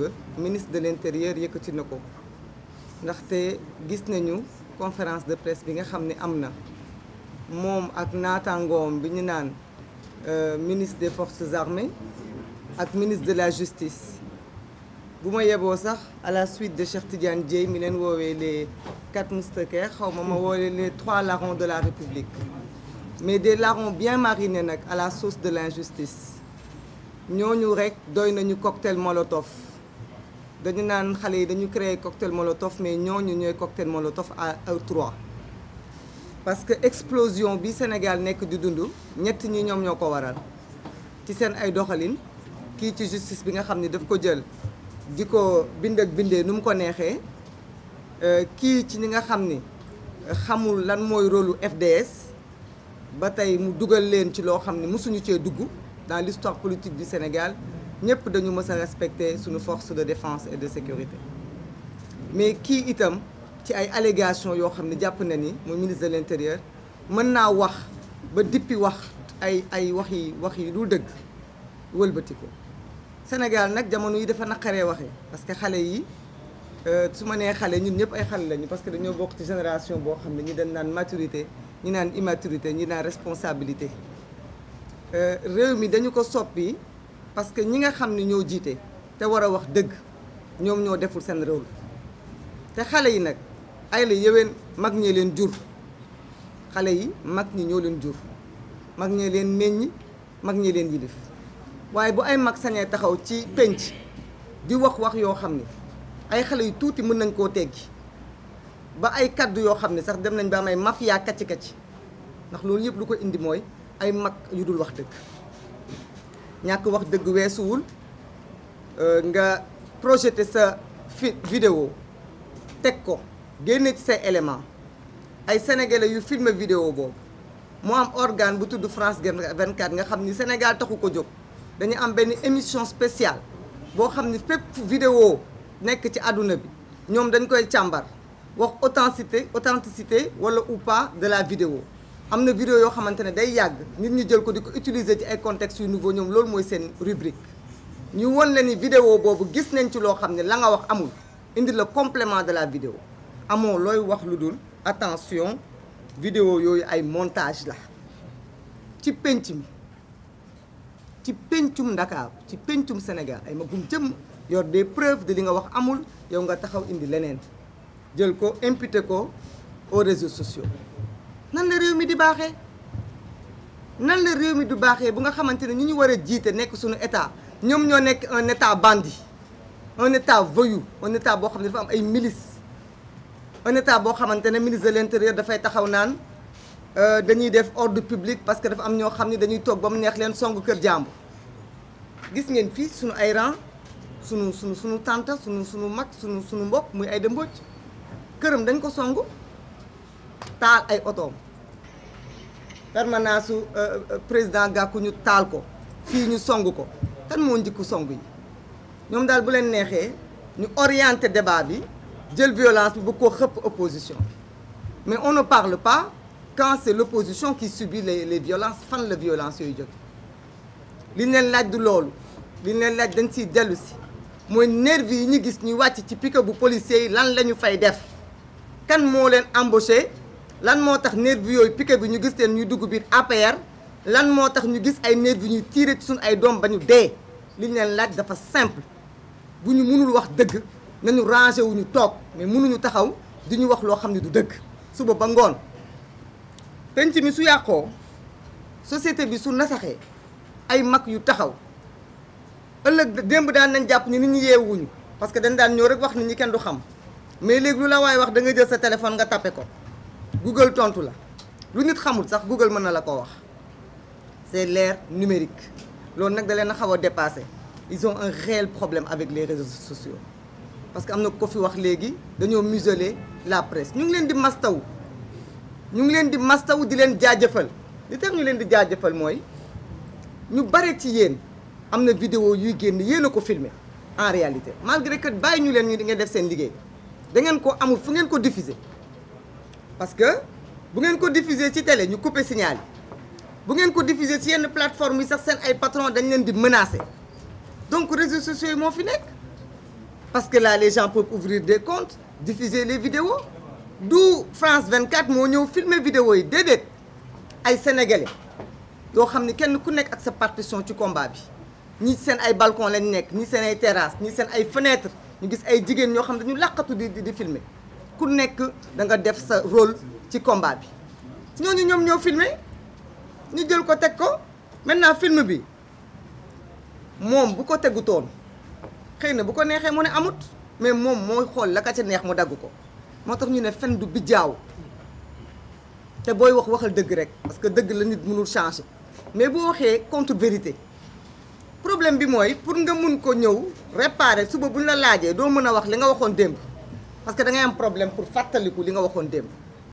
ba ministre de l'intérieur yëkkati na ko ndaxte gis nañu conférence de presse bi nga xam ne am na moom ak naataangoom bi ñu naan euh, ministre de forces armées ak ministre de la justice bu ma yeboo sax à la suite de Cheikh Tidiane Dieye mi leen woowee les quatre mousquetaires xaw ma ma woowee les trois larrons de la République mais des larrons bien marinés nag à la sauce de l'injustice ñooñu rek doy nañu cocktail molotov dañu naan xale yi dañu créer cocktail molotov mais ñooñu ñooy cocktail molotov à à trois parce que explosion bi Sénégal nekk di dundu ñett ñi ñoom ñoo ko waral ci seen ay doxalin kii ci justice bi nga xam ne daf ko jël di ko bind ak bindee nu mu ko neexee euh, kii ci ñi nga xam ni xamul lan mooy rôlu FDS ba tey mu dugal leen ci loo xam ne mësuñu cee dugg dans l'histoire politique bi Sénégal ñëpp dañu mës a respecter suñu force de défense et de sécurité mais kii itam ci ay allégations yoo xam ne jàpp na ni mu ministre de l'intérieur mën naa wax ba dippi wax ay ay wax yi wax yi du dëgg wëlbati ko Sénégal nag jamono yi dafa naqaree waxee parce que xale yi euh, su ma nee xale ñun ñëpp ay xale lañu parce que dañoo bokk ci génération boo xam ne ñi dañ naan maturité ñi naan immaturité ñi naan responsabilité euh, réew mi dañu ko soppi. parce que ñi nga xam ne ñoo jiite te war a wax dëgg ñoom ñoo deful seen rôle te xale yi nag ay la yeween mag ñee leen jur xale yi mag ñi ñoo leen jur mag ñee leen meññ mag ñee leen yilif waaye bu ay mag sañee taxaw ci penc di wax wax yoo xam ne ay xale yu tuuti mën nañ koo teggi ba ay kàddu yoo xam ne sax dem nañ ba am ay mafia kacci kacci ndax loolu yëpp lu ko indi mooy ay mag yu dul wax dëgg ñàkk wax dëgg weesuwul euh, nga projeté sa fi vidéo teg ko génne ci say élément ay sénégalais yu filmer vidéo boobu moo am organe bu tudd France 24 nga xam ni Sénégal taxu ko jóg dañu am benn émission spéciale boo xam ni fépp vidéo nekk ci àdduna bi ñoom dañ koy càmbar wax authenticité authenticité wala ou pas de la vidéo am na vidéo yoo xamante ne day yàgg nit ñi jël ko di ko utiliser ci ay contextes yu nouveau ñoom loolu mooy seen rubrique ñu won la ni vidéo boobu gis nañ ci loo xam ne la nga wax amul indi la complément de la vidéo amoo looy wax lu dul attention vidéo yooyu ay montage la ci pénc mi ci péncum Ndakaaru ci péncum Sénégal ay magum jëm yor des preuves de li nga wax amul yow nga taxaw indi leneen jël ko imputé ko aux réseaux sociaux nan la réew mi di baaxee nan la réew mi di baaxee bu nga xamante ne ñi ñu war a jiite nekk suñu état ñoom ñoo nekk un état bandit un état voyu un état boo xam ne dafa am ay milices un état boo xamante ne ministre de l'intérieur dafay taxaw naan euh, dañuy def ordre public parce que dafa am ñoo xam ne dañuy toog ba mu neex leen song kër jàmbur gis ngeen fii suñu ay rang suñu suñu suñu tante suñu suñu mag suñu suñu mbokk muy ay dëmbooj këram dañ ko songu taal ay otoom permanence su euh, euh, président Gakou ñu taal ko fii ñu song ko kan moo njëkku song yi ñoom daal bu leen neexee ñu orienté débat bi jël violence bi bu ko xëpp opposition mais on ne parle pas quand c'est l'opposition ki subit les les violences fan la violence yooyu jóge li leen laaj du loolu li leen laaj dañ siy dellu si mooy nervi yi ñu gis ñuy wàcc ci pique bu policier yi lan lañu fay def kan moo leen embauché lan moo tax nervi yooyu piqué bi ñu gis teen ñuy dugg biir APR lan moo tax ñu gis ay nervi ñuy tiire ci suñ ay doom ba ñu dee li ñu leen laaj dafa simple bu ñu mënul wax dëgg nañu rangé wu toog mais mënuñu taxaw di ñu wax loo xam ne du dëgg suba ba ngoon penc mi su yàqoo société bi su nasaxee ay mag yu taxaw ëllëg démb daan nañ jàpp ni nit ñi yeewuñu parce que dañ daan ñëw rek wax nit ñi kenn du xam mais léegi lu la waaye wax da jël sa téléphone nga tapé Google tontu la lu nit xamul sax Google mën na la ko wax c'est l'ère numérique loolu nag da leen a xaw a dépassé ils ont un réel problème avec les réseaux sociaux parce que am na ko fi wax léegi dañoo museler la presse ñu ngi leen di mastaw ñu ngi leen di mastaw di leen jaajëfal li tax ñu leen di jaajëfal mooy ñu bare ci yéen am na vidéo yuy génn yéen a ko filmer en réalité malgré que bàyyi ñu leen ñu ngeen def seen liggéey da ngeen ko amul fu ngeen ko diffuser parce que bu ngeen ko diffuser ci télé ñu couper signal yi bu ngeen ko diffuser ci yenn plateforme yi sax seen ay patron dañ leen di menacer donc réseaux sociaux yi moo fi nekk parce que là les gens peuvent ouvrir des comptes diffuser les vidéos du France 24 moo ñëw filmer vidéo yi déedéet ay sénégalais yoo xam ne kenn ku nekk ak sa partition ci combat bi ñi seen ay balcon lañ nekk ñi seen ay terrasse ñi seen ay fenêtre ñu gis ay jigéen ñoo xam ne dañu làqatu di di filmer ku nekk da nga def sa rôle ci combat bi ñooñu ñoom ñoo filmer ñu jël ko teg ko maintenant film bi moom bu ko tegutoon xëy na bu ko neexee mu ne amut mais moom mooy xool la ka ca neex mu dagg ko moo tax ñu ne fen du bijaaw te booy wax waxal dëgg rek parce que dëgg la nit mënul changer mais bu waxee contre vérité problème bi mooy pour nga mun ko ñëw réparer suba buñ la laajee doo mën a wax li nga waxoon démb parce que da ngay am problème pour fàttaliku li